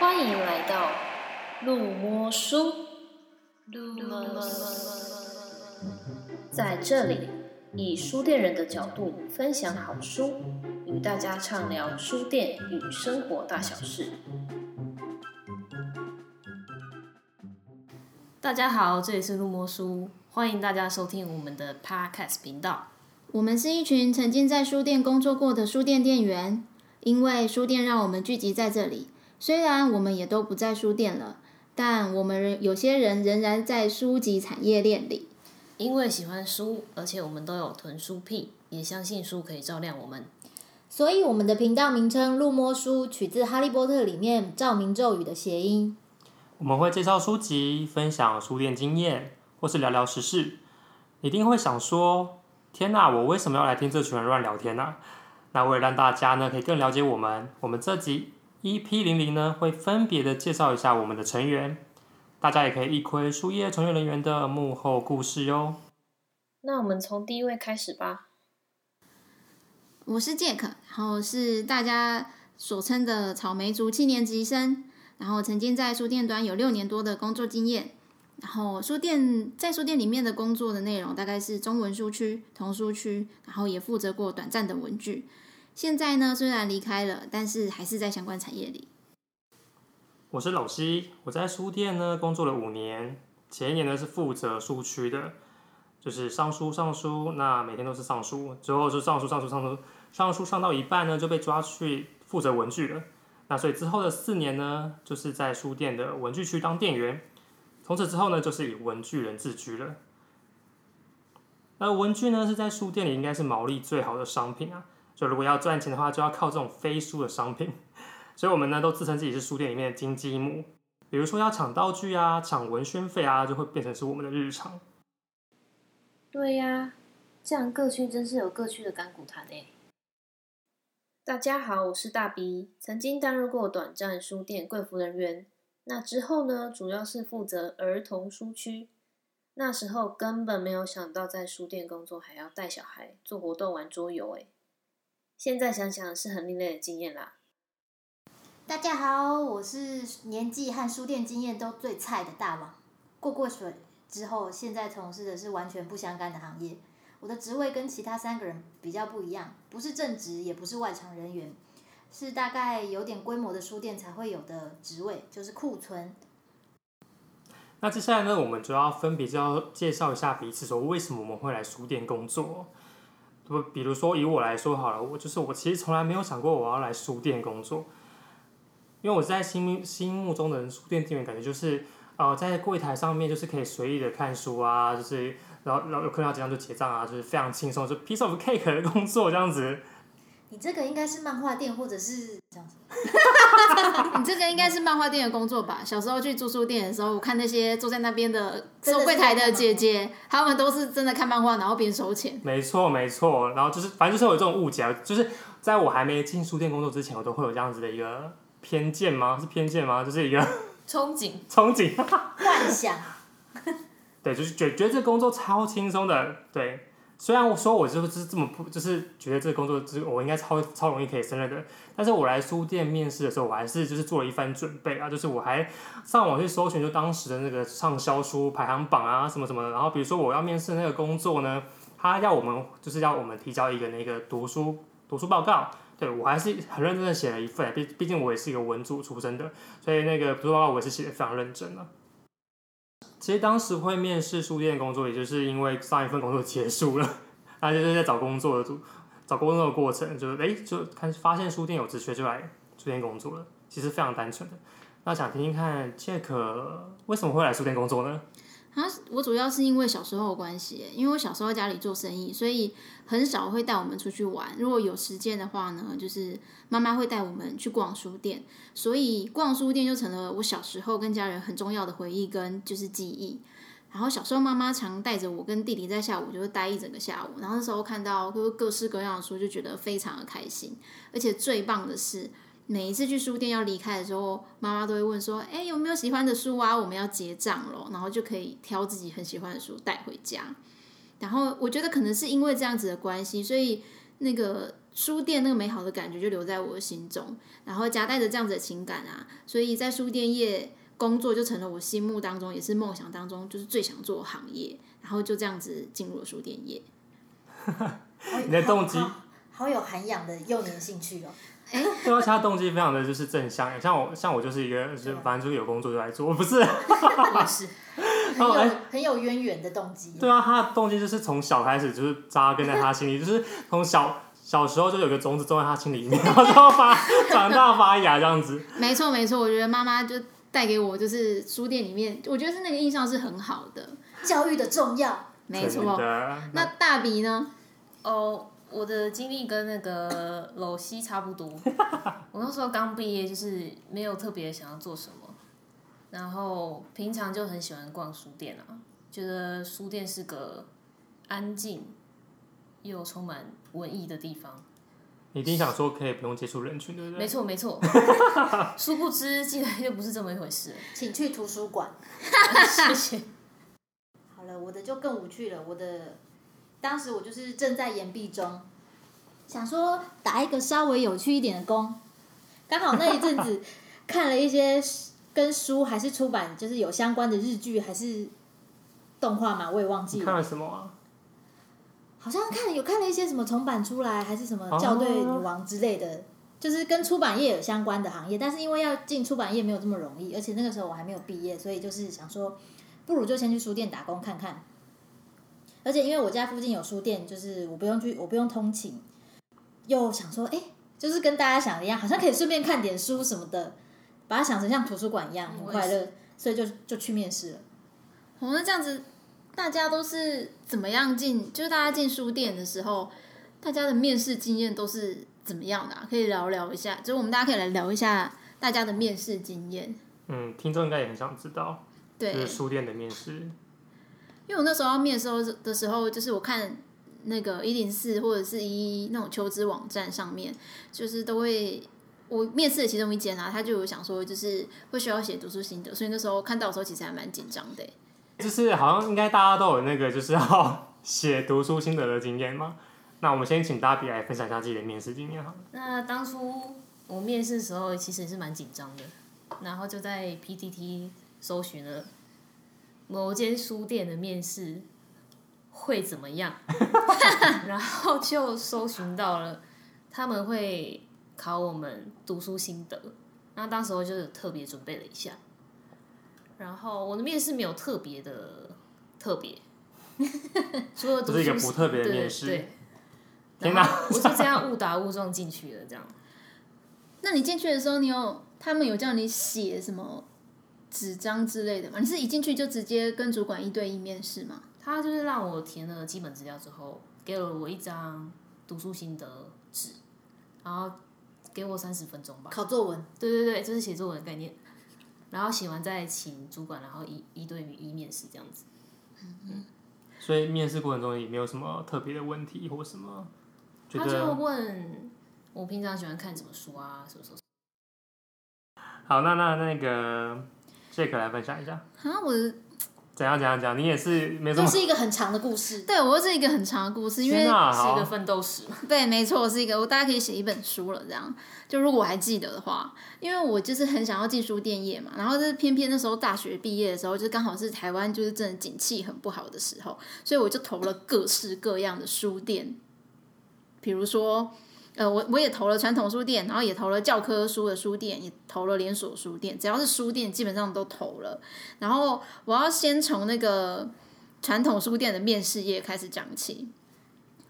歡迎來到《陸摩書》。在這裡，以書店人的角度分享好書，與大家暢聊書店與生活大小事。大家好，這裡是《陸摩書》，歡迎大家收聽我們的 Podcast 頻道。我們是一群曾經在書店工作過的書店店員，因為書店讓我們聚集在這裡。雖然我們也都不在書店了，但我們有些人仍然在書籍產業鏈裡，因為喜歡書，而且我們都有囤書癖，也相信書可以照亮我們。所以我們的頻道名稱“入魔書”取自《哈利波特》裡面照明咒語的諧音。我們會介紹書籍，分享書店經驗，或是聊聊時事。一定會想說：“天哪，我為什麼要來聽這群人亂聊天呢？”那為了讓大家呢可以更了解我們，我們這集。EP 零零呢，會分別的介紹一下我們的成員，大家也可以一窺書業從業人員的幕後故事喲。那我們從第一位開始吧。我是 Jack，然後是大家所稱的草莓族七年級生，然後曾經在書店端有六年多的工作經驗，然後書店在書店裡面的工作的內容大概是中文書區、童書區，然後也負責過短暫的文具。現在呢，雖然離開了，但是還是在相關產業裡。我是老西，我在書店呢工作了五年，前一年呢是負責書區的，就是上書上書，那每天都是上書，之後是上書上書上書，上書上書，上書上到一半呢就被抓去負責文具了。那所以之後的四年呢，就是在書店的文具區當店員，從此之後呢就是以文具人自居了。那文具呢是在書店裡應該是毛利最好的商品啊。就如果要賺錢的話，就要靠這種非書的商品， 所以我們呢都自稱自己是書店裡面的金雞母。比如說要搶道具啊，搶文宣費啊，就會變成是我們的日常。對呀、啊，這樣各區真是有各區的甘苦談的。大家好，我是大 B，曾經擔任過短暫書店櫃服人員。那之後呢，主要是負責兒童書區。那時候根本沒有想到在書店工作還要帶小孩做活動玩桌遊，哎現在想想是很另類的經驗啦。大家好，我是年紀和書店經驗都最菜的大王。過過水之後，現在從事的是完全不相干的行業。我的職位跟其他三個人比較不一樣，不是正職，也不是外場人員，是大概有點規模的書店才會有的職位，就是庫存。那接下來呢，我們主要分別就要介紹一下彼此，說為什麼我們會來書店工作。不，比如說以我來說好了，我就是我其實從來沒有想過我要來書店工作，因為我在心心目中的人書店店員感覺就是，呃，在櫃檯上面就是可以隨意的看書啊，就是然後然後有客人要結賬就結賬啊，就是非常輕鬆，就 piece of cake 的工作這樣子。你這個應該是漫畫店或者是這樣子。 你這個應該是漫畫店的工作吧？小時候去租書店的時候，我看那些坐在那邊的收櫃台的姐姐，她們都是真的看漫畫，然後邊收錢。沒錯，沒錯。然後就是，反正就是有這種誤解，就是在我還沒進書店工作之前，我都會有這樣子的一個偏見嗎？是偏見嗎？就是一個憧憬、憧憬、 幻想。 對，就是覺覺得這個工作超輕鬆的。對。雖然我說我就是這麼不，就是覺得這個工作就是我應該超超容易可以勝任的，但是我來書店面試的時候，我還是就是做了一番準備啊，就是我還上網去搜尋就當時的那個暢銷書排行榜啊，什麼什麼的。然後比如說我要面試那個工作呢，他要我們就是要我們提交一個那個讀書讀書報告，對，我還是很認真的寫了一份啊，畢畢竟我也是一個文組出身的，所以那個讀書報告我也是寫的非常認真了啊。其實當時會面試書店的工作，也就是因為上一份工作結束了，那就是在找工作，的，找工作的過程，就是哎，就看，發現書店有職缺，就來書店工作了。其實非常單純的。那想聽聽看，Jack 為什麼會來書店工作呢？我主要是因為小時候的關係，因為我小時候家裡做生意，所以很少會帶我們出去玩。如果有時間的話呢，就是媽媽會帶我們去逛書店，所以逛書店就成了我小時候跟家人很重要的回憶跟就是記憶。然後小時候媽媽常帶着我跟弟弟在下午就會待一整個下午，然後那時候看到各式各樣的書，就覺得非常的開心。而且最棒的是，每一次去書店要離開的時候，媽媽都會問說：“哎、欸，有沒有喜歡的書啊？我們要結賬了，然後就可以挑自己很喜歡的書帶回家。”然後我覺得可能是因為這樣子的關係，所以那個書店那個美好的感覺就留在我的心中，然後夾帶着這樣子的情感啊，所以在書店業工作就成了我心目當中，也是夢想當中就是最想做的行業，然後就這樣子進入了書店業。 你的動機好，好，好，好有涵養的幼年興趣哦。欸、對啊，其他動機非常的就是正向，像我像我就是一個，就反正就是有工作就來做，我不， 不是，很有很有、欸、很有淵源的動機，對啊，他的動機就是從小開始就是扎根在他心裡， 就是從小小時候就有個種子種在他心裡， 然後之發長大發芽、啊、這樣子，沒錯沒錯，我覺得媽媽就帶給我就是書店裡面，我覺得是那個印象是很好的，教育的重要，沒錯，那大筆呢？哦。我的經歷跟那個老西差不多。 我那時候剛畢業，就是沒有特別想要做什麼，然後平常就很喜歡逛書店啊，覺得書店是個安靜又充滿文藝的地方。你一定想說可以不用接觸人群，對不對？ 沒錯錯，沒錯 殊不知進來又不是這麼一回事，請去圖書館。謝謝。好了，我的就更無趣了，我的。當時我就是正在延畢中，想說打一個稍微有趣一點的工，剛好那一陣子 看了一些跟書還是出版就是有相關的日劇還是動畫嘛，我也忘記了。看了什麼、啊？好像看有看了一些什麼重版出來，還是什麼校對女王之類的， 就是跟出版業有相關的行業。但是因為要進出版業沒有這麼容易，而且那個時候我還沒有畢業，所以就是想說，不如就先去書店打工看看。而且因為我家附近有書店，就是我不用去，我不用通勤，又想說，哎、欸，就是跟大家想的一樣，好像可以順便看點書什麼的，把它想成像圖書館一樣，很快樂，所以就就去面試了。好、嗯嗯，那這樣子，大家都是怎麼樣進？就是大家進書店的時候，大家的面試經驗都是怎麼樣的、啊？可以聊聊一下，就是我們大家可以來聊一下大家的面試經驗。嗯，聽眾應該也很想知道，對，就是書店的面試。因為我那時候要面試的時候，就是我看那個一零四或者是一一那種求職網站上面，就是都會我面試的其中一間啊，他就想說就是會需要寫讀書心得，所以那時候看到的時候其實還蠻緊張的、欸欸，就是好像應該大家都有那個就是要寫讀書心得的經驗嗎？那我們先請大 B 來分享一下自己的面試經驗，哈，那當初我面試的時候其實也是蠻緊張的，然後就在 PTT 搜尋了。某間書店的面試會怎麼樣？ 然後就搜尋到了，他們會考我們讀書心得。那當時候就特別準備了一下。然後我的面試沒有特別的特別， 除了這是一個不特別的面試。對對對！我就這樣誤打誤撞進去的，這樣。 那你進去的時候，你有他們有叫你寫什麼？紙張之類的嘛，你是一進去就直接跟主管一對一面試嗎？他就是讓我填了基本資料之後，給了我一張讀書心得紙，然後給我三十分鐘吧。考作文？對對對，就是寫作文的概念。然後寫完再請主管，然後一一對一面試這樣子。嗯嗯。所以面試過程中也沒有什麼特別的問題或什麼？他就問我平常喜歡看什麼書啊，什麼什麼。好，那那那個。傑克來分享一下啊！我是怎樣怎樣怎樣，你也是沒錯。這，就是一個很長的故事，對我是一個很長的故事，因為是一個奮鬥史嘛。對，沒錯，是一個我大家可以寫一本書了這樣。就如果我還記得的話，因為我就是很想要進書店業嘛，然後就是偏偏那時候大學畢業的時候，就剛好是台灣就是真的景氣很不好的時候，所以我就投了各式各樣的書店，比如說。呃，我我也投了傳統書店，然後也投了教科書的書店，也投了連鎖書店，只要是書店基本上都投了。然後我要先從那個傳統書店的面試業開始講起。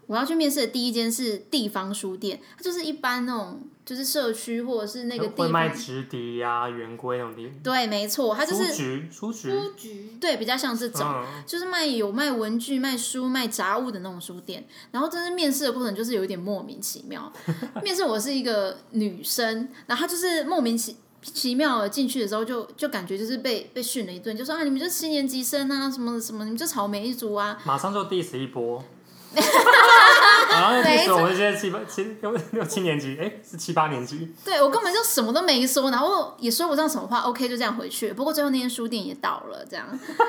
我要去面試的第一間是地方書店，它就是一般那種。就是社區或者是那個地方賣直笛呀、圓規那種地對，沒錯，它就是書局。書局。書局。對，比較像這種、嗯，就是賣有賣文具、賣書、賣雜物的那種書店。然後真是面試的過程，就是有一點莫名其妙。 面試我是一個女生，然後她就是莫名其妙的進去的時候就，就就感覺就是被被訓了一頓，就說啊，你們就七年級生啊，什麼什麼，你們就草莓一族啊，馬上就第十一波。 然後沒說，我就現在七八，其實六六七年級，哎、欸，是七八年級。對，我根本就什麼都沒說然後也說不上什麼話。OK，就這樣回去。不過最後那間書店也倒了，這樣。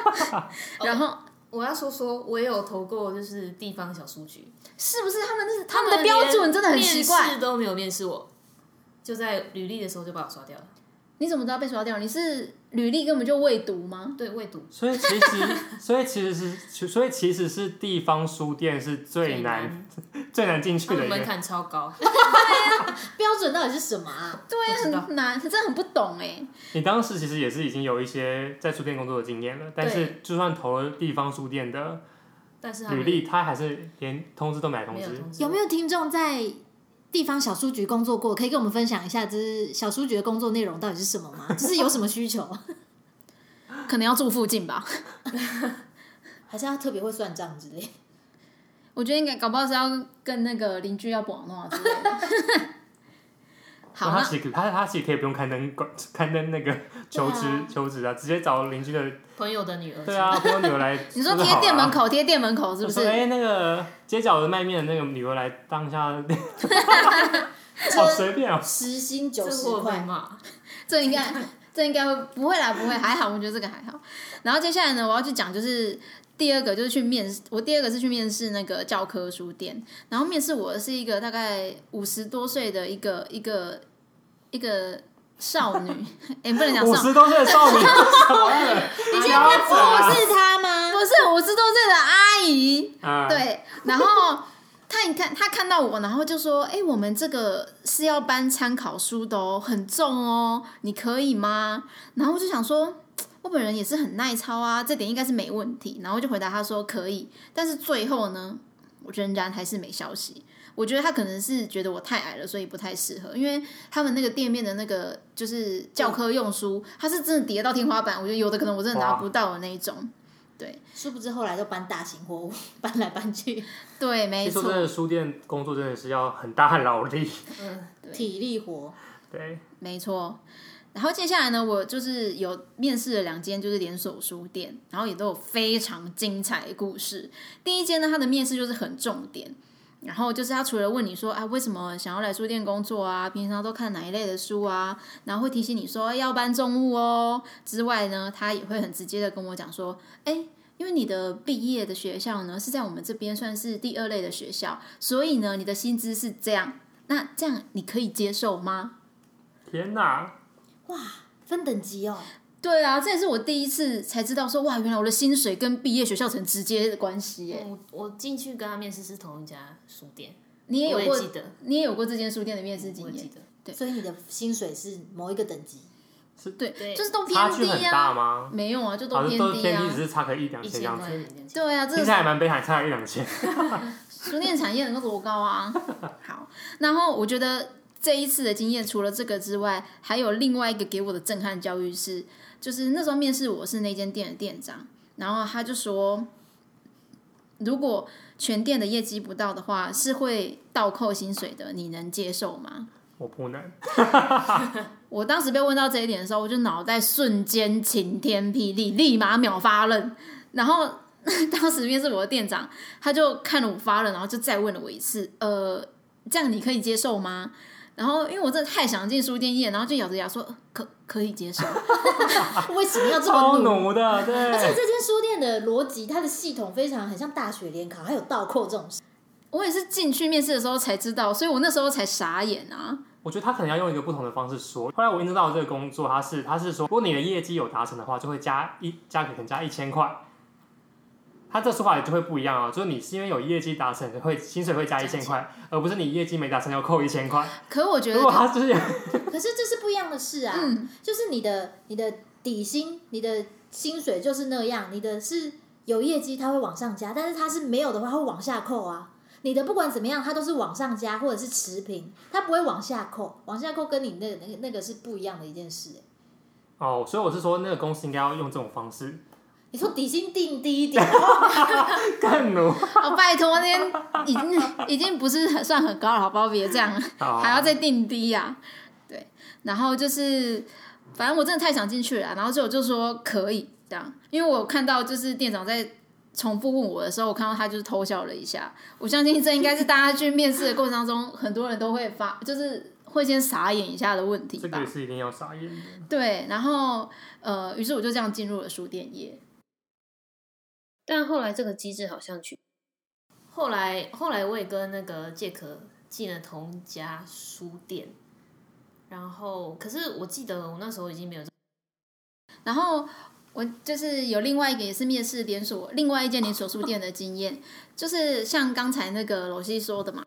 然後、oh, 我要說說，我也有投過，就是地方小書局，是不是？他們就是他們的標準真的很奇怪，面試都沒有面試我，就在履歷的時候就把我刷掉了。你怎麼知道被刷掉？你是履歷根本就未讀嗎？對，未讀。所以其實，所以其實是，所以其實是地方書店是最難、最難進去的，啊。門檻超高。 對啊， 標準到底是什麼啊？ 對，很難，真的很不懂哎。你當時其實也是已經有一些在書店工作的經驗了，但是就算投了地方書店的履歷，履歷他還是連通知都沒通知，沒有通知。有沒有聽眾在，地方小書局工作過，可以跟我們分享一下，就是小書局的工作內容到底是什麼嗎？就 是有什麼需求， 可能要住附近吧， 還是要特別會算賬之類？ 我覺得應該，搞不好是要跟那個鄰居要幫忙啊之類。 他其實可以他，他其實也不用刊登，刊登那個求職、啊、求職啊，直接找鄰居的朋友的女兒，對啊，朋友女兒來， 你說貼店門口貼，就是啊、店門口是不是？哎，那個街角的賣麵的那個女兒來當下、 就是，好隨便哦，喔，時薪九十塊嘛，這應該 這應該不，不會啦，不會還好，我覺得這個還好。然後接下來呢，我要去講就是。第二個就是去面試，我第二個是去面試那個教科書店，然後面試我的是一個大概五十多歲的一個一個一個少女，哎、 欸，不能講五十多歲的少女， 你講的我是她嗎？我 是五十多歲的阿姨， 對。然後他一看，他看到我，然後就說：“哎、 欸，我們這個是要搬參考書的哦，很重哦，你可以嗎？”然後我就想說。我本人也是很耐操啊，這點應該是沒問題。然後就回答他說可以，但是最後呢，我仍然還是沒消息。我覺得他可能是覺得我太矮了，所以不太適合，因為他們那個店面的那個就是教科用書，它是真的疊到天花板。我覺得有的可能我真的拿不到的那一種。對，殊不知後來都搬大型貨物，搬來搬去。對，沒錯。說真的，書店工作真的是要很大很勞力，嗯對，體力活。對，沒錯。然後接下來呢，我就是有面試了兩間，就是連鎖書店，然後也都有非常精彩的故事。第一間呢，他的面試就是很重點，然後就是他除了問你說，啊，為什麼想要來書店工作啊？平常都看哪一類的書啊？然後會提醒你說要搬重物哦。之外呢，他也會很直接的跟我講說，哎，因為你的畢業的學校呢是在我們這邊算是第二類的學校，所以呢，你的薪資是這樣，那這樣你可以接受嗎？天哪！哇，分等級哦！對啊，這也是我第一次才知道說，哇，原來我的薪水跟畢業學校成直接的關係耶。我我進去跟他面試是同一家書店，也記得你也有過也記得，你也有過這間書店的面試經驗，對。所以你的薪水是某一個等級，是對，就是都偏低啊？差距很大嗎？沒有啊，就都偏低啊，啊是只是差一兩千這樣子，兩千,千,千。對啊，這個，聽起來還蠻悲哀，差一兩千。 書店產業能夠多高啊？ 好，然後我覺得。這一次的經驗，除了這個之外，還有另外一個給我的震撼教育是，就是那時候面試我是那間店的店長，然後他就說，如果全店的業績不到的話，是會倒扣薪水的，你能接受嗎？我不能。 我當時被問到這一點的時候，我就腦袋瞬間晴天霹靂，立馬秒發愣。然後 當時面試我的店長，他就看了我發愣，然後就再問了我一次，呃，這樣你可以接受嗎？然後，因為我真的太想進書店業，然後就咬着牙說可可以接受。 為什麼要這麼努？超努的，對。而且這間書店的邏輯，它的系統非常很像大學聯考，還有倒扣這種事。我也是進去面試的時候才知道，所以我那時候才傻眼啊。我覺得他可能要用一個不同的方式說。後來我認識到的這個工作他，他是他是說，如果你的業績有達成的話，就會加一加，可能加一千塊。他這說法也就會不一樣哦、啊，就是你是因為有業績達成會薪水會加一千塊，而不是你業績沒達成要扣一千塊。可我覺得，如果他這樣，可是這是不一樣的事啊。 就是你的你的底薪、你的薪水就是那樣，你的是有業績它會往上加，但是它是沒有的話會往下扣啊。你的不管怎麼樣，它都是往上加或者是持平，它不會往下扣，往下扣跟你那那個、那個是不一樣的一件事、欸。哦，所以我是說，那個公司應該要用這種方式。你說底薪定低一點，幹 我、 哦！拜託，那邊已經已經不是算很，很高了，好不好，別這樣，還要再定低呀，啊。對，然後就是，反正我真的太想進去了，啊，然後就我就說可以這樣，因為我看到就是店長在重複問我的時候，我看到他就是偷笑了一下。我相信這應該是大家去面試的過程當中， 很多人都會發，就是會先傻眼一下的問題吧。這個是一定要傻眼的。對，然後呃，於是我就這樣進入了書店業。但後來這個機制好像去，後來後來我也跟那個傑克進了同家書店，然後可是我記得我那時候已經沒有這樣，然後我就是有另外一個也是面試連鎖，另外一間連鎖書店的經驗、哦，就是像剛才那個羅西說的嘛，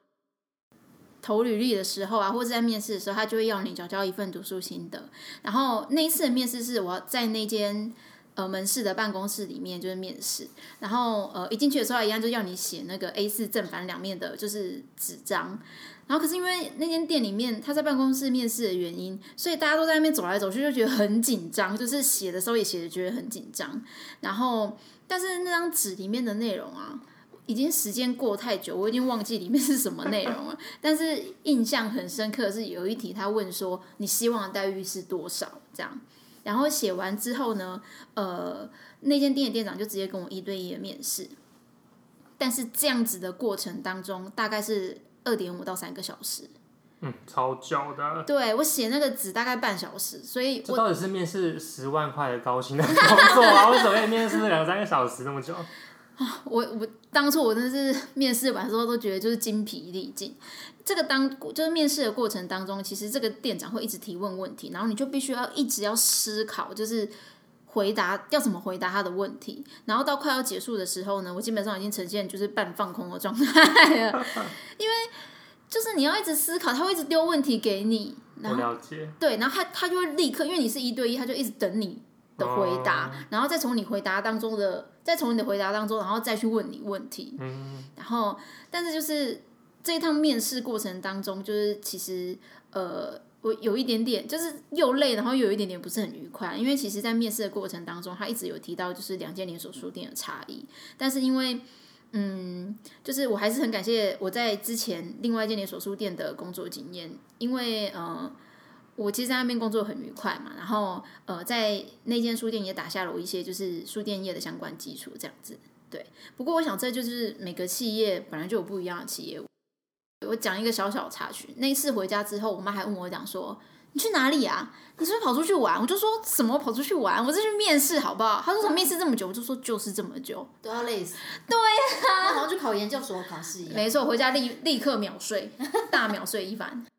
投履歷的時候啊，或者在面試的時候，他就會要你繳交一份讀書心得，然後那一次的面試是我在那間。呃，門市的辦公室裡面就是面試，然後呃，一進去的時候一樣就要你寫那個 A 四正反兩面的，就是紙張。然後可是因為那間店裡面他在辦公室面試的原因，所以大家都在那邊走來走去，就覺得很緊張。就是寫的時候也寫的覺得很緊張。然後，但是那張紙裡面的內容啊，已經時間過太久，我已經忘記裡面是什麼內容了。 但是印象很深刻是有一題他問說：“你希望的待遇是多少？”這樣。然後寫完之後呢，呃，那間店的店長就直接跟我一對一的面試，但是這樣子的過程當中大概是二點五到三個小時。嗯，超久的。對，我寫那個紙大概半小時，所以我這到底是面試十萬塊的高薪的工作啊？ 為什麼面試兩三個小時那麼久？啊，我我當初我真的是面試完之後都覺得就是精疲力盡。這個當就是面試的過程當中，其實這個店長會一直提問問題，然後你就必須要一直要思考，就是回答要怎麼回答他的問題。然後到快要結束的時候呢，我基本上已經呈現就是半放空的狀態了， 因為就是你要一直思考，他會一直丟問題給你。然後，我了解。對，然後他他就會立刻，因為你是一對一，他就一直等你。的回答，Oh. 然後再從你回答當中的，再從你的回答當中，然後再去問你問題。Mm. 然後，但是就是這一趟面試過程當中，就是其實，呃，我有一點點，就是又累，然後又有一點點不是很愉快，因為其實在面試的過程當中，他一直有提到就是兩間連鎖書店的差異，但是因為，嗯，就是我還是很感謝我在之前另外一間連鎖書店的工作經驗，因為，嗯、呃。我其實在那邊工作很愉快嘛，然後呃，在那間書店也打下了我一些就是書店業的相關基礎，這樣子。對，不過我想這就是每個企業本來就有不一樣的企業。我講一個小小的插曲，那一次回家之後，我媽還問我講說：“你去哪裡啊？你是不是跑出去玩？”我就說什麼“跑出去玩”，我就去面試，好不好？她說怎麼“面試這麼久”，我就說“就是這麼久，都要累死”。對啊，然後去考研究所考試也。沒錯，回家立立刻秒睡，大秒睡一番。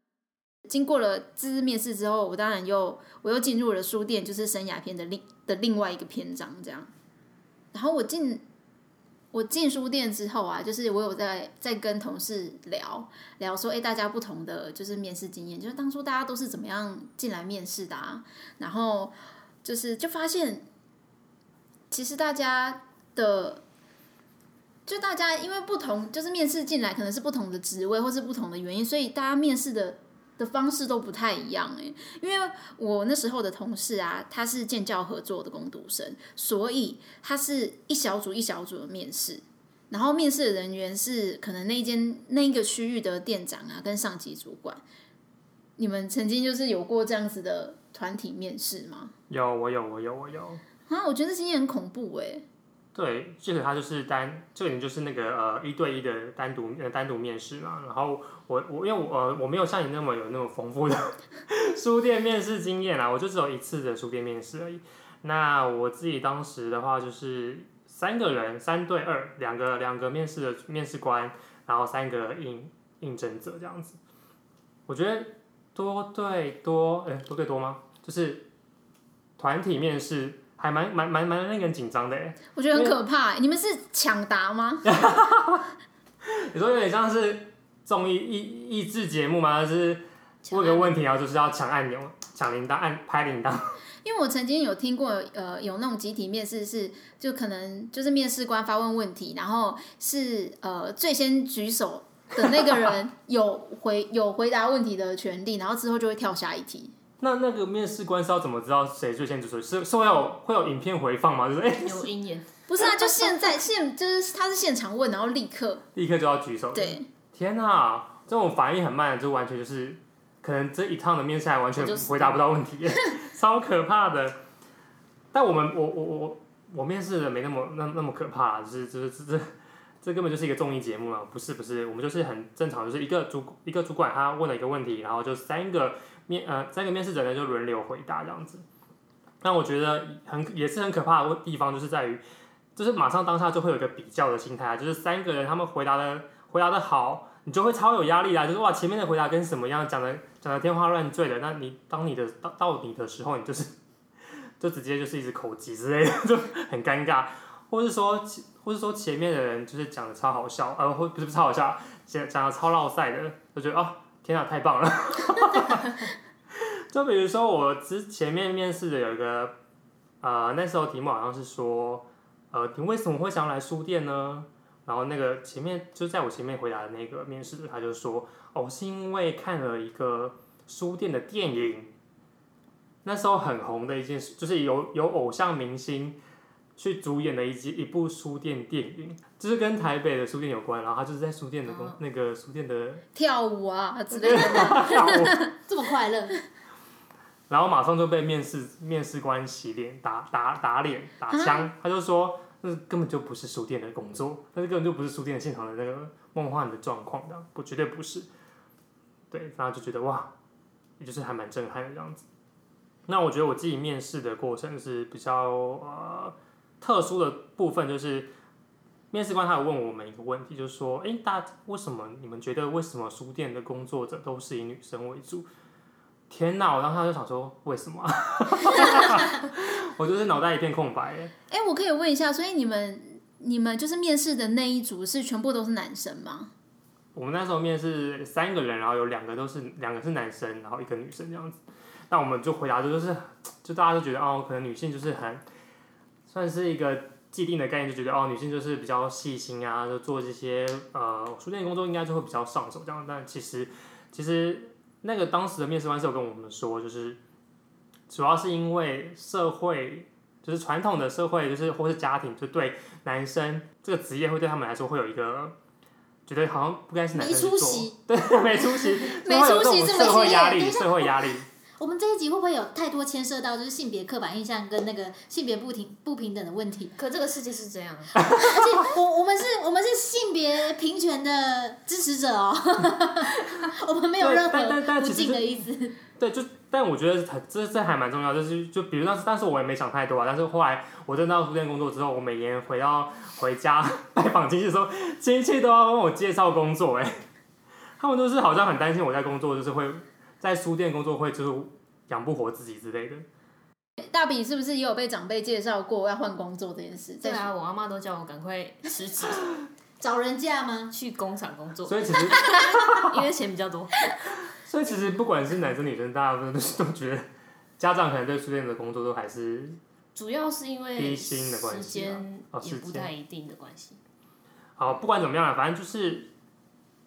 經過了資質面試之後，我當然又我又進入了書店，就是生涯篇的另的另外一個篇章這樣。然後我進我進書店之後啊，就是我有在在跟同事聊聊說，哎，大家不同的就是面試經驗，就是當初大家都是怎麼樣進來面試的啊？然後就是就發現，其實大家的就大家因為不同，就是面試進來可能是不同的職位或是不同的原因，所以大家面試的。的方式都不太一樣欸，因為我那時候的同事啊，他是建教合作的工讀生，所以他是一小組一小組的面試，然後面試的人員是可能那間那一個區域的店長啊跟上級主管。你們曾經就是有過這樣子的團體面試嗎？有，我有，我有，我有啊！我覺得那經驗很恐怖欸。對，這個他就是單，這個你就是那個呃一對一的單獨呃單獨面試嘛。然後我我因為我呃我沒有像你那麼有那麼豐富的書店面試經驗啦，啊，我就只有一次的書店面試而已。那我自己當時的話就是三個人三對二，兩個兩個面試的面試官，然後三個應應徵者這樣子。我覺得多對多，哎，多對多嗎？就是團體面試。還蠻蠻蠻蠻令人緊張的，我覺得很可怕。你們是搶答嗎？你 說有點像是綜藝益益智節目嗎？就是問個問題啊，就是要搶按鈕、搶鈴鐺、按拍鈴鐺。因為我曾經有聽過，呃，有那種集體面試，是就可能就是面試官發問問題，然後是呃最先舉手的那個人有回， 有，回有回答問題的權利，然後之後就會跳下一題。那那個面試官是要怎麼知道誰最先舉手？是是會有會有影片回放嗎？就是、欸、有音不是不是啊，就現在 現就是他是現場問，然後立刻立刻就要舉手。對，天哪，這種反應很慢就完全就是可能這一趟的面試還完全回答不到問題，就是，超可怕的。 但我們我我我我面試的沒那麼那那麼可怕，就是就是這、就是就是、這根本就是一個綜藝節目啊，不是不是，我們就是很正常，就是一個主一個主管他問了一個問題，然後就三個。面呃，三個面試者呢就輪流回答這樣子，但我覺得很也是很可怕的地方，就是在於，就是馬上當下就會有一個比較的心態啊，就是三個人他們回答的回答的好，你就會超有壓力啦，就是哇前面的回答跟什麼樣講的講的天花亂墜的，那你當你的到到底的時候，你就是就直接就是一直口急之類的，就很尷尬，或是說，或是說前面的人就是講的超好笑，呃，或不是不是超好笑，講講的超落賽的，就覺得哦。天啊，太棒了！ 就比如說我之前面面試的有一個，啊、呃，那時候題目好像是說，呃，你為什麼會想來書店呢？然後那個前面就在我前面回答的那個面試他就說，哦，是因為看了一個書店的電影，那時候很紅的一件事，就是有有偶像明星。去主演了一集，一部書店電影，就是跟台北的書店有關，然後他就是在書店的工、哦、那個書店的跳舞啊之類的，跳 舞 這麼快樂，然後馬上就被面試面試官洗臉打打打臉打槍、啊，他就說那根本就不是書店的工作，那、嗯、是根本就不是書店的現場的那個夢幻的狀況的，不絕對不是，對，然後就覺得哇，也就是還蠻震撼的樣子。那我覺得我自己面試的過程是比較呃。特殊的部分就是，面試官他有問我們一個問題，就是說，哎、欸，大家為什麼你們覺得為什麼書店的工作者都是以女生為主？天哪！我當時就想說，為什麼？ 我就是腦袋一片空白。哎、欸，我可以問一下，所以你們你們就是面試的那一組是全部都是男生嗎？我們那時候面試三個人，然後有兩個都是兩個是男生，然後一個女生這樣子。那我們就回答就就是，就大家就覺得哦，可能女性就是很。算是一個既定的概念，就覺得哦，女性就是比較細心啊，就做這些呃書店工作應該就會比較上手這樣。但其實其實那個當時的面試官是有跟我們說，就是主要是因為社會就是傳統的社會，就是或是家庭就對男生這個職業會對他們來說會有一個覺得好像不該是男生去做，對，沒出息， 沒出息，有沒出息，這種社會壓力，社會壓力。我們這一集會不會有太多牽涉到就是性別刻板印象跟那個性別不平不平等的問題？可這個世界是這樣， 而且我我們是我們是性別平權的支持者哦 我們沒有任何不敬的意思對。 對，就但我覺得這這還蠻重要，就是就比如當時，但是我也沒想太多啊。但是後來我在那書店工作之後，我每年回到回家拜訪親戚的時候，親戚都要問我介紹工作，欸，哎，他們都是好像很擔心我在工作，就是會。在書店工作會就是養不活自己之類的。欸、大比。是不是也有被長輩介紹過要換工作這件事？對啊，我媽媽都叫我趕快辭職， 找人家嗎？去工廠工作？所以其實 因為錢比較多。所以其實不管是男生女生，大家都是都覺得家長可能對書店的工作都還是主要是因為低薪的時間也不太一定的關係、哦。好，不管怎麼樣了，反正就是。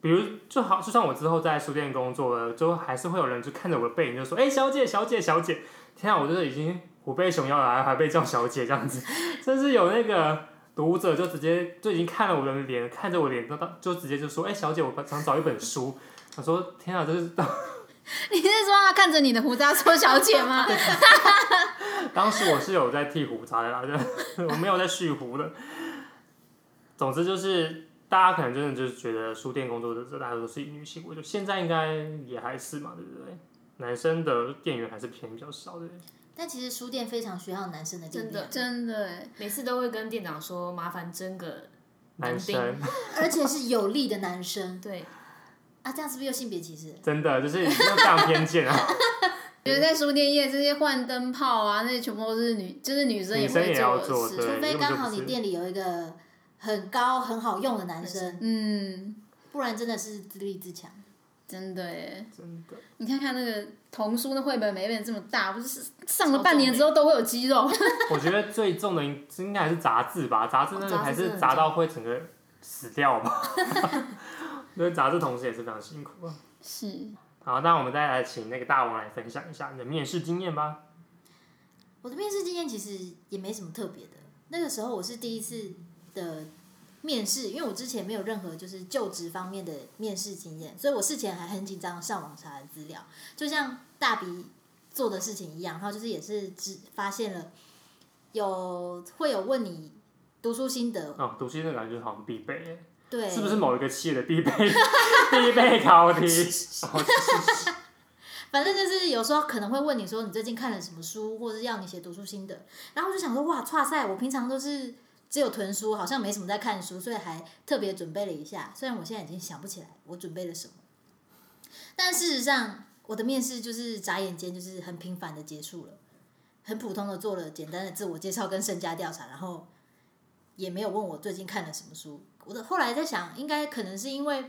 比如，就好，就算我之後在書店工作了，就還是會有人就看着我的背影就說：“哎、欸，小姐，小姐，小姐！”天啊，我覺得已經虎背熊腰了，還被叫小姐這樣子。甚至有那個讀者就直接就已經看了我的臉，看着我臉，就直接就說：“哎、欸，小姐，我想找一本書。 ”我說：“天啊，這是……” 你是說他看着你的胡渣說小姐嗎？ 當時我是有在剃胡渣的，我沒有在蓄鬍的。總之就是。大家可能真的就是覺得書店工作的大家都是女性，我覺得現在應該也還是嘛，對不對？男生的店員還是偏比較少的。但其實書店非常需要男生的店員，真的，真的。每次都會跟店長說，麻煩徵個男，男生，而且是有力的男生， 對。啊，這樣是不是又性別歧視？真的就是有這樣偏見啊。 對 覺得在書店業，這些換燈泡啊，那些全部都是女，就是女生也會做，事也要做，除非剛好你店裡有一個。很高很好用的男生，嗯，不然真的是自立自強，真的，真的。你看看那個童書的繪本，每一本這麼大，不是上了半年之後都會有肌肉？ 我覺得最重的應應該還是雜誌吧，雜誌那個還是砸到會整個死掉吧。那 雜誌同時也是非常辛苦啊。是。好，那我們再來請那個大王來分享一下你的面試經驗吧。我的面試經驗其實也沒什麼特別的，那個時候我是第一次的面試，因為我之前沒有任何就是就職方面的面試經驗，所以我事前還很緊張，上網查資料，就像大鼻做的事情一樣。然後就是也是只發現了有會有問你讀書心得哦，讀書心得感覺好像必備，對，是不是某一個企業的必備 必備考題？ oh, 反正就是有時候可能會問你說你最近看了什麼書，或是要你寫讀書心得。然後我就想說哇，哇塞，我平常都是。只有囤書，好像沒什麼在看書，所以還特別準備了一下。雖然我現在已經想不起來我準備了什麼，但事實上我的面試就是眨眼間就是很平凡的結束了，很普通的做了簡單的自我介紹跟身家調查，然後也沒有問我最近看了什麼書。我的後來在想，應該可能是因為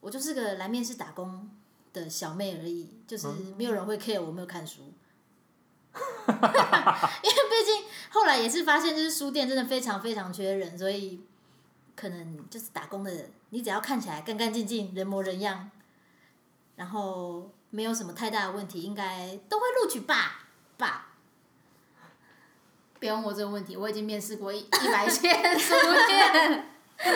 我就是個來面試打工的小妹而已，就是沒有人會 care 我有沒有看書。 因為畢竟後來也是發現，就是書店真的非常非常缺人，所以可能就是打工的人，你只要看起來乾乾淨淨、人模人樣，然後沒有什麼太大的問題，應該都會錄取吧？吧？別問我這個問題，我已經面試過一一百間書店。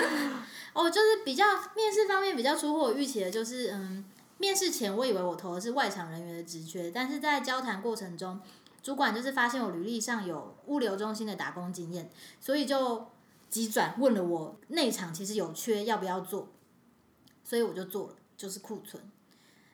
哦，就是比較面試方面比較出乎我預期的，就是嗯，面試前我以為我投的是外場人員的職缺，但是在交談過程中，主管就是發現我履歷上有物流中心的打工經驗，所以就急轉問了我內場其實有缺要不要做，所以我就做了，就是庫存。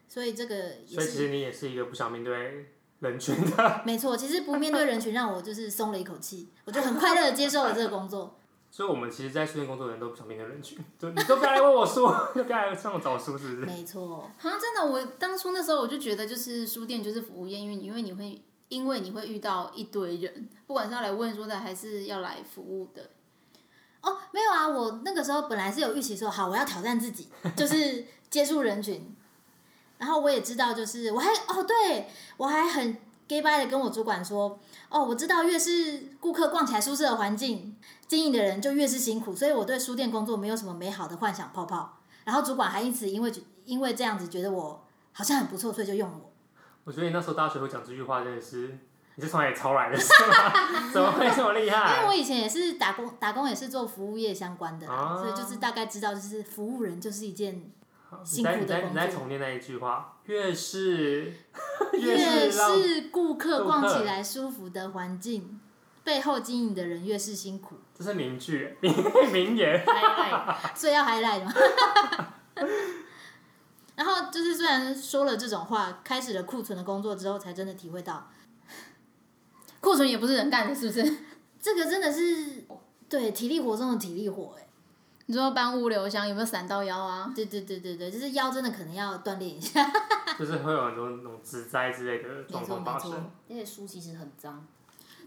所以這個也是，所以其實你也是一個不想面對人群的。沒錯，其實不面對人群讓我就是鬆了一口氣， 我就很快樂的接受了這個工作。所以，我們其實，在書店工作的人都不想面對人群，就你都不要來問我說，不 要來上我找書是不是？沒錯，好像、嗯、真的，我當初那時候我就覺得，就是書店就是服務業，因因為你會。因為你會遇到一堆人，不管是要來問說的，還是要來服務的。哦，沒有啊，我那個時候本來是有預期說，好，我要挑戰自己，就是接觸人群。 然後我也知道，就是我還哦，對，我還很假掰的跟我主管說，哦，我知道越是顧客逛起來舒適的環境，經營的人就越是辛苦，所以我對書店工作沒有什麼美好的幻想泡泡。然後主管還一直因為因為這樣子覺得我好像很不錯，所以就用我。我覺得你那時候大學會講這句話真的是，你這從是從哪裡抄來的？ 怎麼會這麼厲害、啊？因為我以前也是打工，打工也是做服務業相關的、啊，所以就是大概知道，就是服務人就是一件辛苦的工作。你在，你，在你在重念那一句話，越是越是，越是顧客逛起來舒服的環境，背後經營的人越是辛苦。這是名句名名言， 所以要 highlight 嘛。 然後就是，雖然說了這種話，開始了庫存的工作之後，才真的體會到，庫存也不是人幹的，是不是？ 這個真的是對體力活中的體力活哎、欸。你說搬物流箱有沒有閃到腰啊？對對對對對，就是腰真的可能要鍛鍊一下。 就是會有很多那種紙災之類的狀況發生。沒錯、沒錯。那些書其實很髒。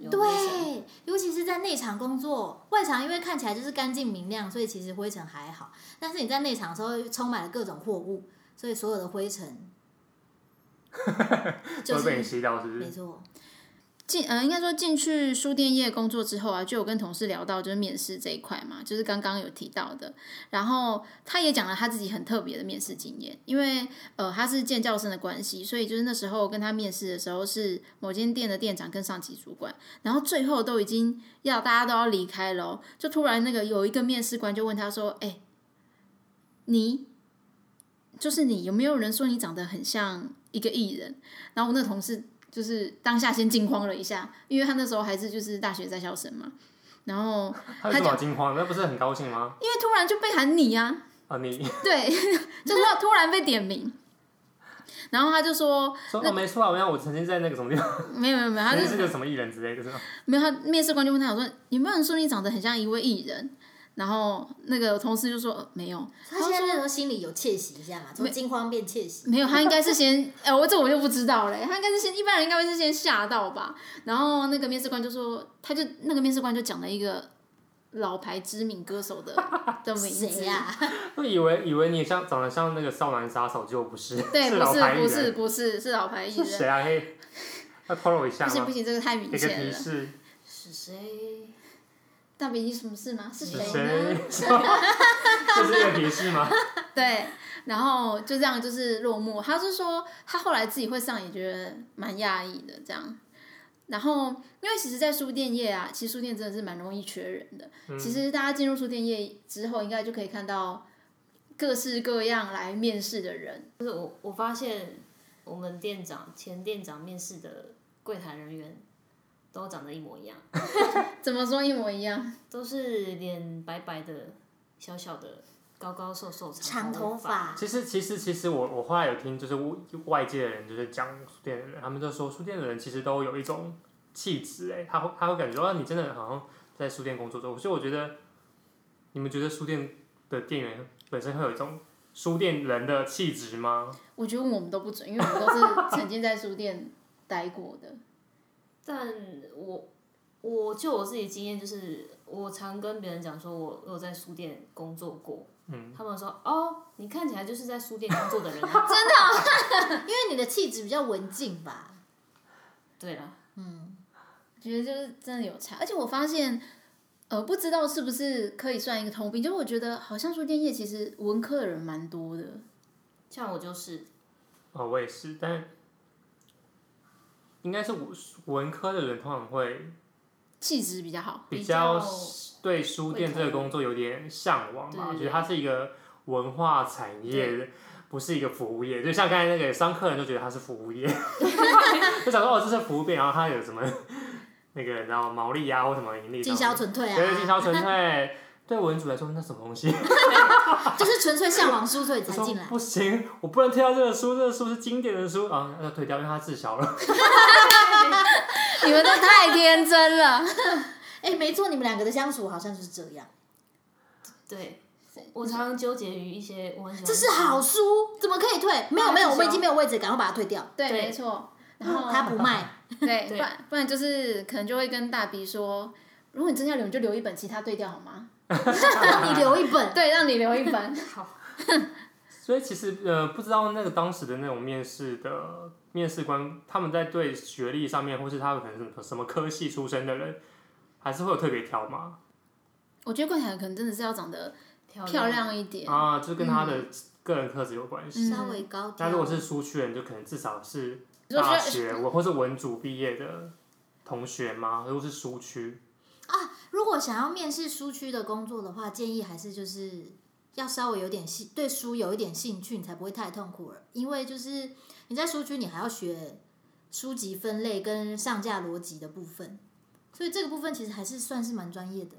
對，尤其是在內場工作，外場因為看起來就是乾淨明亮，所以其實灰塵還好。但是你在內場的時候，充滿了各種貨物。所以所有的灰塵都、 就是、被你吸掉，是不是？沒錯。進呃，應該說進去書店業工作之後啊，就有跟同事聊到就是面試這一塊嘛，就是剛剛有提到的。然後他也講了他自己很特別的面試經驗，因為呃他是建教生的關係，所以就是那時候跟他面試的時候是某間店的店長跟上級主管，然後最後都已經要大家都要離開了，哦，就突然那個有一個面試官就問他說：“哎、欸，你？”就是你有沒有人說你長得很像一個藝人？然後我那同事就是當下先驚慌了一下，因為他那時候還是就是大學在校生嘛。然後他怎麼驚慌？那不是很高興嗎？因為突然就被喊，你呀、啊！啊，你，對，就是他突然被點名。 然後他就說：“說哦、那沒錯啊，我想我，我曾經在那個什麼地方， 沒有沒有沒，沒有，他是個什麼藝人之類的，是沒有，他面試官就問他我說有沒有人說你長得很像一位藝人？”然後那個同事就說沒有，他現在那時候心裡有竊喜一下嘛，從驚慌變竊喜。沒有，他應該是先，哎、 欸，我這我就不知道嘞，他應該是先一般人應該會是先嚇到吧。然後那個面試官就說，他就那個面試官就講了一個老牌知名歌手的，的名字。誰啊？ 我以為以為你像長得像那個少男殺手，結果不是，對是，不是，不是，不是，是老牌藝人。誰啊？嘿、hey, 他透露一下不行不行，這個太明顯了。是誰？大比，你什麼事嗎？是誰呢？這是面試嗎？ 對，然後就這樣，就是落幕。他是說，他後來自己會上也覺得蠻訝異的這樣。然後，因為其實，在書店業啊，其實書店真的是蠻容易缺人的。嗯、其實，大家進入書店業之後，應該就可以看到各式各樣來面試的人。就是我，我發現我們店長、前店長面試的櫃台人員。都長得一模一樣， 怎麼說一模一樣？都是臉白白的，小小的，高高瘦瘦的，長頭髮。其實，其實，其實我我後來有聽，就是外界的人就是講書店的人，他們就說書店的人其實都有一種氣質，哎，他會他會感覺到，你真的好像在書店工作中。所以我覺得，你們覺得書店的店員本身會有一種書店人的氣質嗎？我覺得我們都不準，因為我們都是曾經在書店待過的。 但我我就我自己經驗，就是我常跟別人講說，我有在書店工作過。嗯，他們說哦，你看起來就是在書店工作的人啊，真的，因為你的氣質比較文靜吧？對啊，嗯，覺得就是真的有差。而且我發現，呃，不知道是不是可以算一個通病，就是我覺得好像書店業其實文科的人蠻多的，像我就是，哦，我也是，但。應該是文文科的人通常會氣質比較好，比較對書店這個工作有點嚮往嘛。我覺得它是一個文化產業，不是一個服務業。就像剛才那個商客人，都覺得它是服務業， 就想說，哦，這是服務業，然後它有什麼那個然後毛利啊或什麼盈利、進銷存退啊，對進銷存退。 對文主來說，那什麼東西？ 就是純粹向往書，所以才進來。不行，我不能退掉這個書，這個書是經典的書，啊要退掉，讓他它滯銷了。 你們都太天真了。哎、欸，沒錯，你們兩個的相處好像就是這樣。對，我常常糾結於一些文。這是好書，怎麼可以退？啊、沒有沒有，我們已經沒有位置，趕快把它退掉。啊、對，沒錯。然後他不賣。啊、對，對，不然不然就是可能就會跟大 B 說，如果你真的要留，你就留一本其他對調好嗎？ 你留一本，對，讓你留一本。 好。所以其實呃，不知道那個當時的那種面試的面試官，他們在對學歷上面，或是他們可能什麼、什麼科系出身的人，還是會有特別挑嗎？我覺得櫃檯可能真的是要長得漂亮一點啊，就跟他的個人特質有關係，稍、嗯、微、嗯、高。但如果是我是書區人，就可能至少是大學，我或是文組畢業的同學嘛，如果是書區。啊，如果想要面試書區的工作的話，建議還是就是要稍微有點興對書有一點興趣，你才不會太痛苦了。因為就是你在書區，你還要學書籍分類跟上架邏輯的部分，所以這個部分其實還是算是蠻專業的。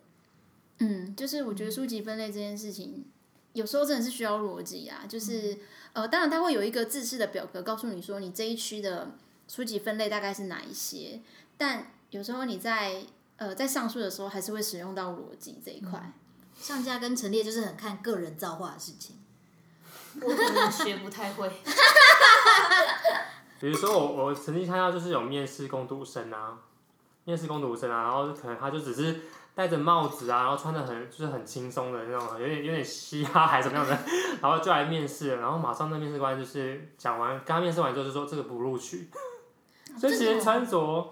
嗯，就是我覺得書籍分類這件事情，有時候真的是需要邏輯啊。就是、嗯、呃，當然它會有一個自制的表格，告訴你說你這一區的書籍分類大概是哪一些，但有時候你在。呃，在上述的時候還是會使用到邏輯這一塊。嗯、上架跟陳列就是很看個人造化的事情，我可能學不太會。 比如說我，我我曾經看到就是有面試工讀生啊，面試工讀生啊，然後可能他就只是戴着帽子啊，然後穿的很就是很輕鬆的那種，有點有點嘻哈還是什麼樣的， 然後就來面試了，然後馬上那面試官就是講完，跟他面試完之後就是說這個不錄取，啊、所以其實穿着。啊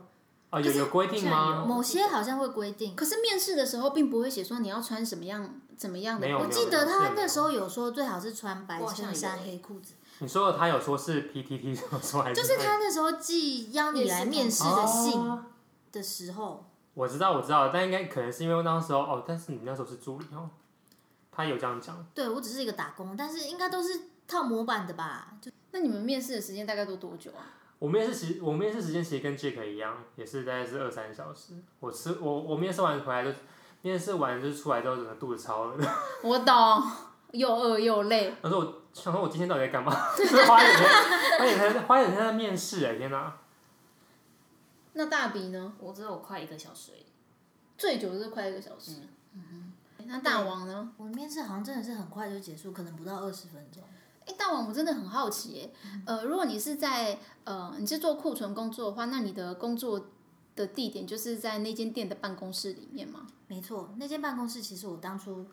啊、哦，有是有規定嗎？有？某些好像會規定，可是面試的時候並不會寫說你要穿什麼樣怎麼樣的。我記得他那時候有說最好是穿白襯衫黑褲子。你說他有說是 PTT 說還是？ 就是他那時候寄邀你來面試的信的時候。哦、我知道我知道，但應該可能是因為我那時候哦，但是你那時候是助理哦，他有這樣講、嗯。對，我只是一個打工，但是應該都是套模板的吧？就那你們面試的時間大概都多，多久啊？我面試時，我面試時間其實跟 Jack 一樣，也是大概是二三小時。嗯、我吃我我面試完回來就，面試完就出來之後，整個肚子超餓。我懂，又餓又累。然後我說我想說，我今天到底在幹嘛？發現他發現他在面試哎，天哪！那大筆呢？我只有快一個小時而已，最久就是快一個小時。嗯嗯哼，那大王呢？我面試好像真的是很快就結束，可能不到二十分鐘。哎、欸，大王，我真的很好奇，呃，如果你是在呃，你是做庫存工作的話，那你的工作的地點就是在那間店的辦公室裡面嗎？沒錯，那間辦公室其實我當初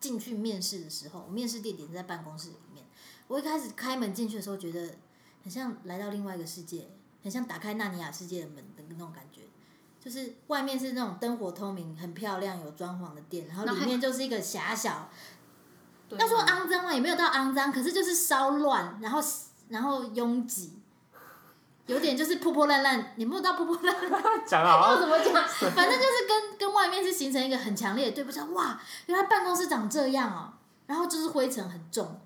進去面試的時候，我面試地點在辦公室裡面。我一開始開門進去的時候，覺得很像來到另外一個世界，很像打開納尼亞世界的門的那種感覺，就是外面是那種燈火通明、很漂亮、有裝潢的店，然後裡面就是一個狹小。要說骯髒了也沒有到骯髒，可是就是稍亂，然後然後擁擠，有點就是破破爛爛，也沒有到破破爛爛。 講啊！又怎麼講？反正就是跟跟外面是形成一個很強烈的對比。哇，原來辦公室長這樣哦，然後就是灰塵很重。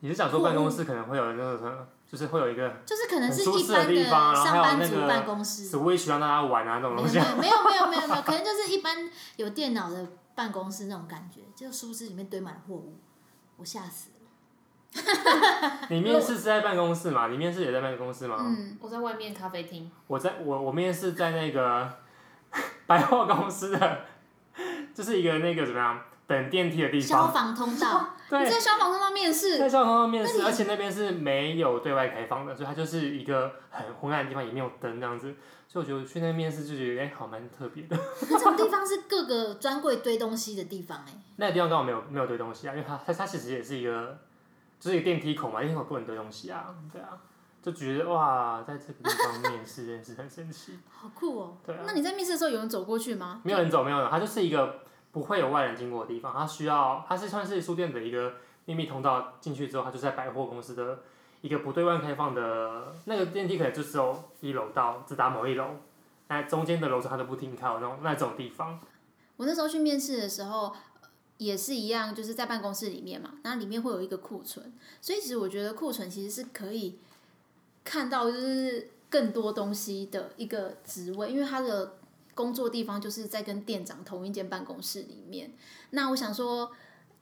你是想說辦公室可能會有那個什麼，就是會有一個，就是可能是一般的上班族辦公室，是會去讓大家玩啊那種東西？沒有沒有沒有沒有，可能就是一般有電腦的辦公室那種感覺，就是書櫃裡面堆滿貨物。我嚇死了！ 你面試是在辦公室嗎？你面試也在辦公室嗎？嗯，我在外面咖啡廳。我在我我面試在那個百貨公司的，就是一個那個怎麼樣？等電梯的地方，消防通道。 你在消防通道面試，在消防通道面試，而且那邊是沒有對外開放的，所以它就是一個很昏暗的地方，也沒有燈這樣子。所以我覺得去那邊面試就覺得，哎、欸，好蠻特別的。那 種地方是各個專櫃堆東西的地方、欸，哎，那個地方剛好沒有沒有堆東西啊，因為它它它其實也是一個，就是一個電梯口嘛，因為電梯口不能堆東西啊，對啊，就覺得哇，在這個地方面試真的是很神奇， 好酷哦。對啊，那你在面試的時候有人走過去嗎？沒有人走，沒有人，它就是一個。不會有外人經過的地方，它需要，它是算是書店的一個秘密通道。進去之後，它就在百貨公司的一個不對外開放的那個電梯，可能就只有一樓到直達某一樓，哎，中間的樓層它都不停靠那種那種地方。我那時候去面試的時候也是一樣，就是在辦公室裡面嘛，那裡面會有一個庫存，所以其實我覺得庫存其實是可以看到就是更多東西的一個職位，因為它的。工作地方就是在跟店長同一間辦公室裡面。那我想說，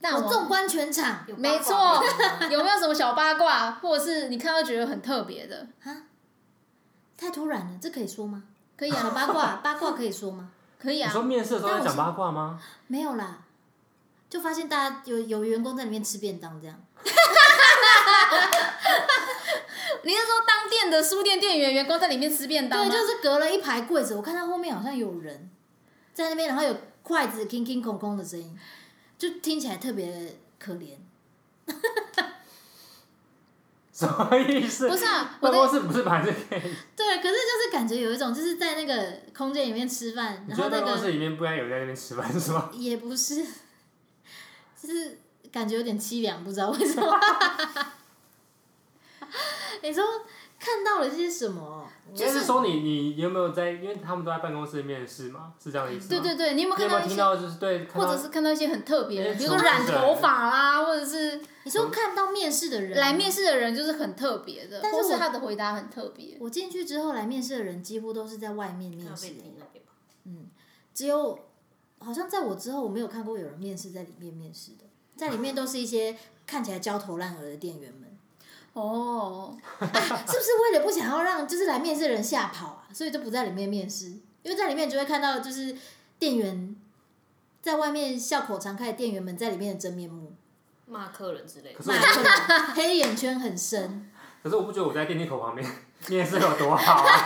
那我縱觀全場，沒錯， 有沒有什麼小八卦，或者是你看到覺得很特別的啊？太突然了，這可以說嗎？可以啊，八卦、啊、 八卦可以說嗎？ 可以啊。你說面試的時候要講八卦嗎？沒有啦，就發現大家有有員工在裡面吃便當這樣。 你是說當店的書店店員員工在裡面吃便當嗎？對，就是隔了一排櫃子，我看到後面好像有人在那邊，然後有筷子叮叮哐哐的聲音，就聽起來特別可憐。 什麼意思？不是啊，辦公室是不是擺這邊？對，可是就是感覺有一種就是在那個空間裡面吃飯，那個，然後那個辦公室裡面不應該有在那邊吃飯是嗎？也不是，就是感覺有點淒涼，不知道為什麼。 你說看到了些什麼？就是，是說你你有沒有在？因為他們都在辦公室面試嘛，是這樣意思、嗯、對對對，你有沒有看到一些？有沒有聽到？就是對，或者是看到一些很特別的，比如說染頭髮啦、啊，或者是你說看到面試的人、嗯、來面試的人就是很特別的，但就是，是他的回答很特別。我進去之後來面試的人幾乎都是在外面面試的，嗯，只有好像在我之後我沒有看過有人面試在裡面面試的，在裡面都是一些看起來焦頭爛額的店員們。哦、oh. 啊，是不是為了不想要讓就是來面試的人嚇跑啊，所以就不在裡面面試？因為在裡面就會看到就是店員在外面笑口常開，店員們在裡面的真面目，罵客人之類的， 黑眼圈很深。可是我不覺得我在電梯口旁邊面試有多好啊，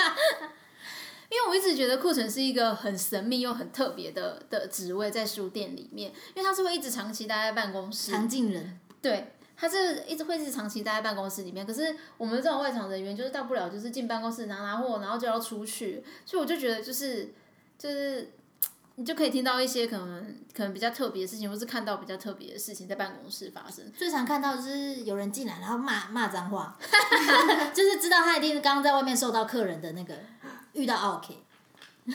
因為我一直覺得庫存是一個很神秘又很特別的的職位在書店裡面，因為他是會一直長期待在辦公室，常進人對。他是一直會是長期待在辦公室裡面，可是我們這種外場人員就是大不了就是進辦公室拿拿貨，然後就要出去，所以我就覺得就是就是你就可以聽到一些可能可能比較特別的事情，或是看到比較特別的事情在辦公室發生。最常看到就是有人進來然後罵罵髒話， 就是知道他一定是剛剛在外面受到客人的那個 遇到奧客。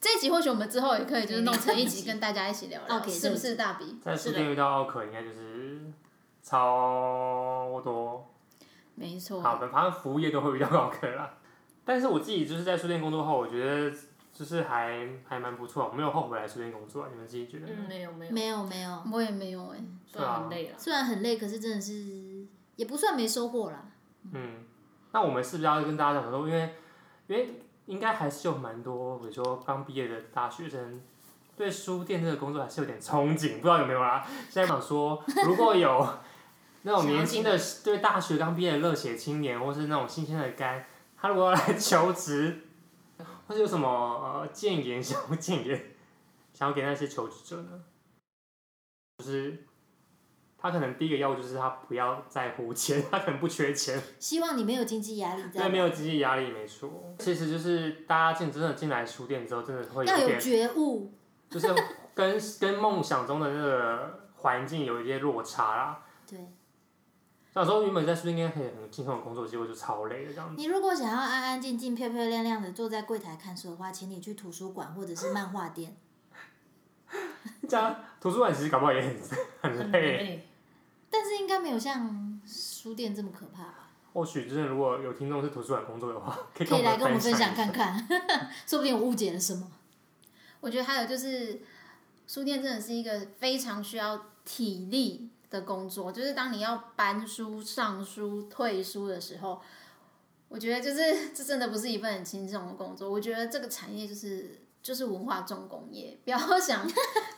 這一集或許我們之後也可以就是弄成一集 跟大家一起聊聊， 是不是大比？在書店遇到奧客應該就是。是超多，沒錯，好，反正服務業都會比較 OK 啦。但是我自己就是在書店工作後，我覺得就是還還蠻不錯，我沒有後悔來書店工作。你們自己覺得、嗯？沒有，沒有，沒有，沒有，我也沒有誒。雖然很累了，雖然很累，可是真的是也不算沒收穫啦。嗯，那我們是不是要跟大家講說，因為因為應該還是有蠻多，比如說剛畢業的大學生，對書店這個工作還是有點憧憬，不知道有沒有啦？現在想說， 如果有。 那種年輕的對大學剛畢業的熱血青年，或是那種新鮮的肝，他如果要來求職，或者有什麼呃建言、想要建言，想要給那些求職者呢？就是他可能第一個要務就是他不要在乎錢，他可能不缺錢。希望你沒有經濟壓力在。對，沒有經濟壓力沒錯。其實就是大家進真的進來書店之後，真的會有點，要有覺悟， 就是跟跟夢想中的那個環境有一些落差啦。對。那時候原本在書店應該很輕鬆的工作機會，結果就超累的這樣子。你如果想要安安靜靜、漂漂亮亮的坐在櫃檯看書的話，請你去圖書館或者是漫畫店。 這樣，圖書館其實搞不好也很很累。 嗯、 但是應該沒有像書店這麼可怕吧？或許，真的如果有聽眾是圖書館工作的話可的，可以來跟我們分享看看， 說不定我誤解了什麼。 我覺得還有就是，書店真的是一個非常需要體力的工作就是當你要搬書、上書、退書的時候，我覺得就是這真的不是一份很輕鬆的工作。我覺得這個產業就是就是文化重工業，不要想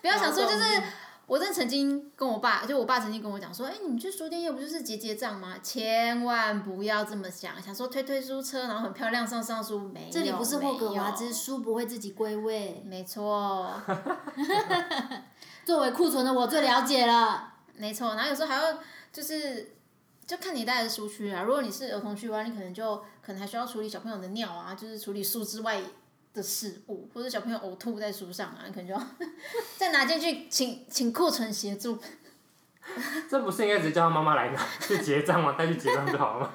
不要想說就是， 我這曾經跟我爸就我爸曾經跟我講說，哎、欸，你們去書店又不就是結結賬嗎？千萬不要這麼想想說推推書車，然後很漂亮上上書，沒這裡不是霍格華茲、就是、書不會自己歸位，沒錯， 作為庫存的我最了解了。沒錯，然後有時候還要就是，就看你帶的書區啊。如果你是兒童區的話，你可能就可能還需要處理小朋友的尿啊，就是處理書之外的事物，或者小朋友嘔吐在書上啊，你可能就再拿進去 請請庫存協助。這不是應該直接叫他媽媽來的 嗎？就結賬嘛，帶去結賬就好嗎？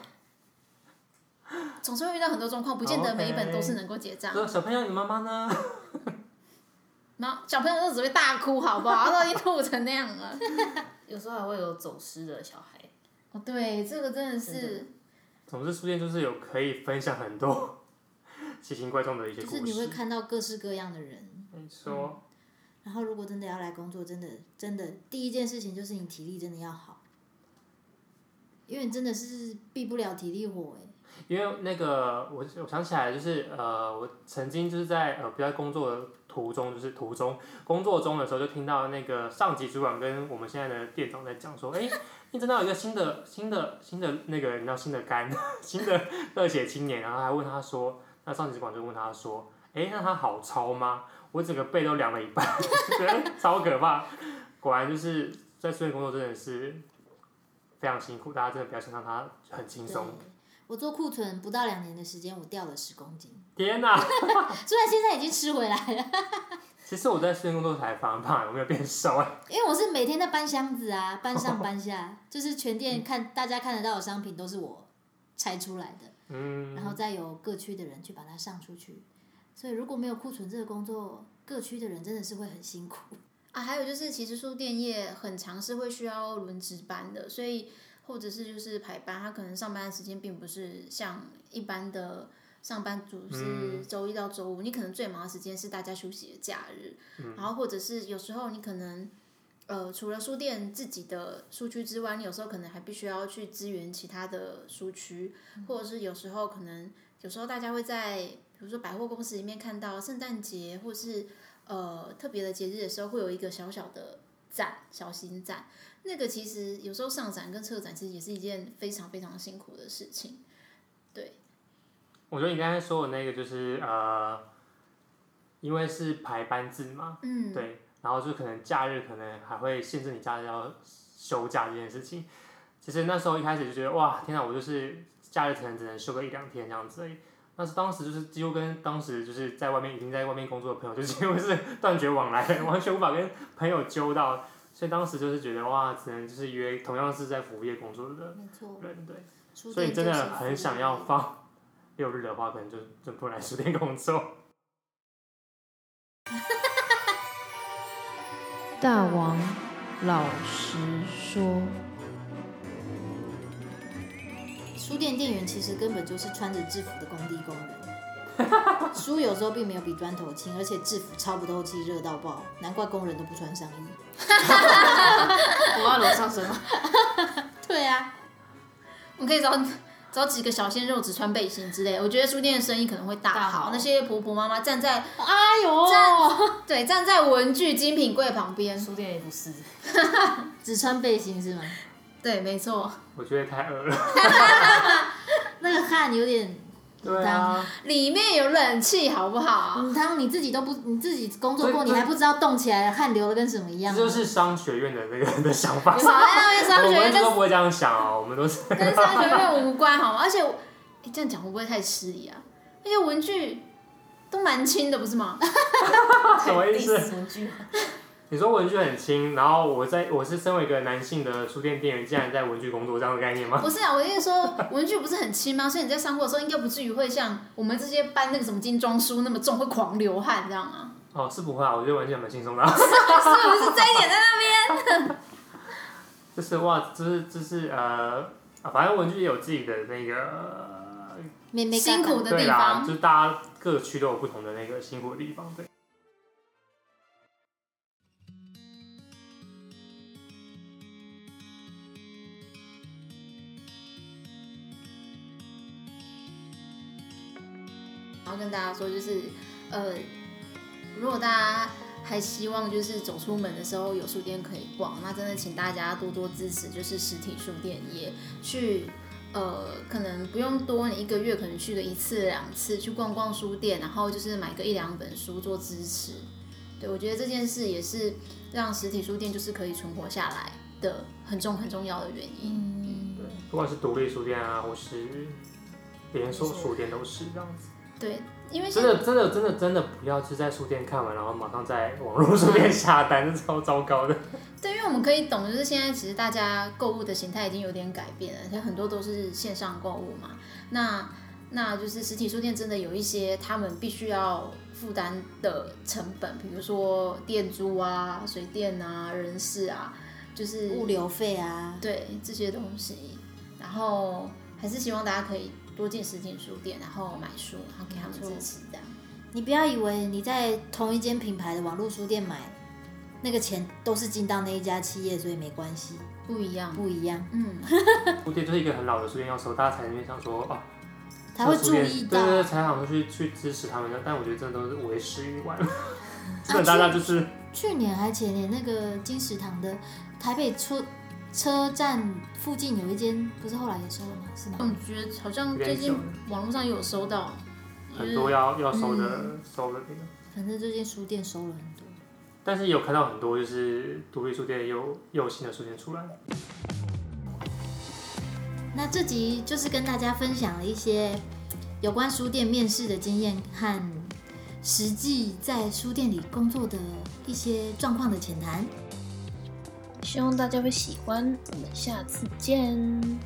總是會遇到很多狀況，不見得每一本都是能夠結賬。Okay，所以小朋友，你媽媽呢？ 小朋友都只會大哭，好不好？都已經吐成那樣了， 有時候還會有走失的小孩。哦，對，這個真的是。嗯、總之，書店就是有可以分享很多奇形怪狀的一些故事，就是你會看到各式各樣的人。沒錯、嗯，然後，如果真的要來工作，真的真的第一件事情就是你體力真的要好，因為真的是避不了體力活欸因為那個我我想起來就是呃我曾經就是在呃不在工作的途中就是途中工作中的時候，就聽到那個上級主管跟我們現在的店長在講說哎 你真的有一個新的新的新的那個人叫新的幹新的熱血青年然後還問他說，那上級主管就問他說，哎那他好超嗎？我整個背都涼了一半 超可怕，果然就是在書店工作真的是非常辛苦，大家真的不要想讓他很輕鬆。嗯我做庫存不到兩年的時間，我掉了十公斤。天哪！雖 然現在已經吃回來了。 其實我在書店工作才發胖，有沒有變瘦啊？因為我是每天在搬箱子啊，搬上搬下，哦、就是全店看、嗯、大家看得到的商品都是我拆出來的。嗯。然後再由各區的人去把它上出去，所以如果沒有庫存這個工作，各區的人真的是會很辛苦啊。還有就是，其實書店業很常是會需要輪值班的，所以，或者是就是排班，他可能上班的時間並不是像一般的上班族是周一到周五，嗯，你可能最忙的時間是大家休息的假日，嗯，然後或者是有時候你可能呃除了書店自己的書區之外，你有時候可能還必須要去支援其他的書區，或者是有時候可能有時候大家會在比如說百貨公司裡面看到聖誕節或是呃特別的節日的時候，會有一個小小的展小型展。那個其實有時候上展跟撤展其實也是一件非常非常辛苦的事情，對。我覺得你剛才說的那個就是呃，因為是排班制嘛，嗯，對，然後就是可能假日可能還會限制你假日要休假這件事情。其實那時候一開始就覺得哇，天啊，我就是假日可能只能休個一兩天這樣子而已。但是當時就是幾乎跟當時就是在外面已經在外面工作的朋友就是因為是斷絕往來，完全無法跟朋友揪到。所以當時就是覺得哇，只能就是約同樣是在服務業工作的人沒錯，對，對，所以真的很想要放六，就是、日的話，可能就就不來書店工作。 大王老實說，書店店員其實根本就是穿着制服的工地工人。 書有時候並沒有比磚頭輕，而且制服超不透氣，熱到爆，難怪工人都不穿上衣。哈哈哈哈哈！我要樓上什麼，對呀，我可以找找幾個小鮮肉，只穿背心之類。我覺得書店的生意可能會大好。大好。那些婆婆媽媽站在，哎呦，對，站在文具精品櫃旁邊。書店也不是， 只穿背心是嗎？ 對，沒錯。我覺得太噁了。哈哈哈哈哈！那個汗有點。對啊，裡面有冷氣，好不好？你當你自己都不你自己工作過，你還不知道動起來汗流的跟什麼一樣。這就是商學院的那個的想法。商學院都不會這樣想、哦、我們都是跟商學院無關，好嗎？而且、欸，這樣講會不會太失禮啊？而且文具都蠻輕的，不是嗎？ 什麼意思？ 你說文具很輕，然後我在我是身為一個男性的書店店員，竟然在文具工作，這樣的概念嗎？不是啊，我跟你說，文具不是很輕嗎？ 所以你在上貨的時候，應該不至於會像我們這些搬那個什麼精裝書那麼重，會狂流汗這樣啊？哦，是不會啊，我覺得文具很輕鬆的、啊。以 我不，不是這一點在那邊？ 就是哇，就是就是呃、啊，反正文具也有自己的那個，沒辛苦的地方，就是大家各區都有不同的那個辛苦的地方，對。然後跟大家說，就是，呃，如果大家還希望就是走出門的時候有書店可以逛，那真的請大家多多支持，就是實體書店也去，呃，可能不用多，你一個月可能去個一次兩次去逛逛書店，然後就是買個一兩本書做支持。對，我覺得這件事也是讓實體書店就是可以存活下來的很重很重要的原因。嗯，對，不管是獨立書店啊，或是連鎖書店，都是這樣子。對，因為現在真的真的真的真的不要去在書店看完，然後馬上在網絡書店下單，這、嗯、超糟糕的。對，因為我們可以懂，就是現在其實大家購物的形態已經有點改變了，像很多都是線上購物嘛。那那就是實體書店真的有一些他們必須要負擔的成本，比如說店租啊、水電啊、人事啊，就是物流費啊，對，這些東西。然後還是希望大家可以。多進實體書店，然後買書，然後給他們支持。這樣，你不要以為你在同一間品牌的網絡書店買，那個錢都是進到那一家企業，所以沒關係。不一樣，不一樣。嗯，我覺得就是一個很老的書店，要收大家才那想說啊、哦，他會注意到，對，對對，才想去去支持他們的。但我覺得真的都是為時已晚，真的大概就是去年還前年那個金石堂的台北出。車站附近有一間，不是後來也收了嗎？是嗎？我覺得好像最近網絡上有收到，就是、很多要要收的、嗯、收了那個。反正最近書店收了很多，但是有看到很多就是獨立書店又又有新的書店出來。那這集就是跟大家分享了一些有關書店面試的經驗和實際在書店裡工作的一些狀況的淺談。希望大家會喜歡，我們下次見。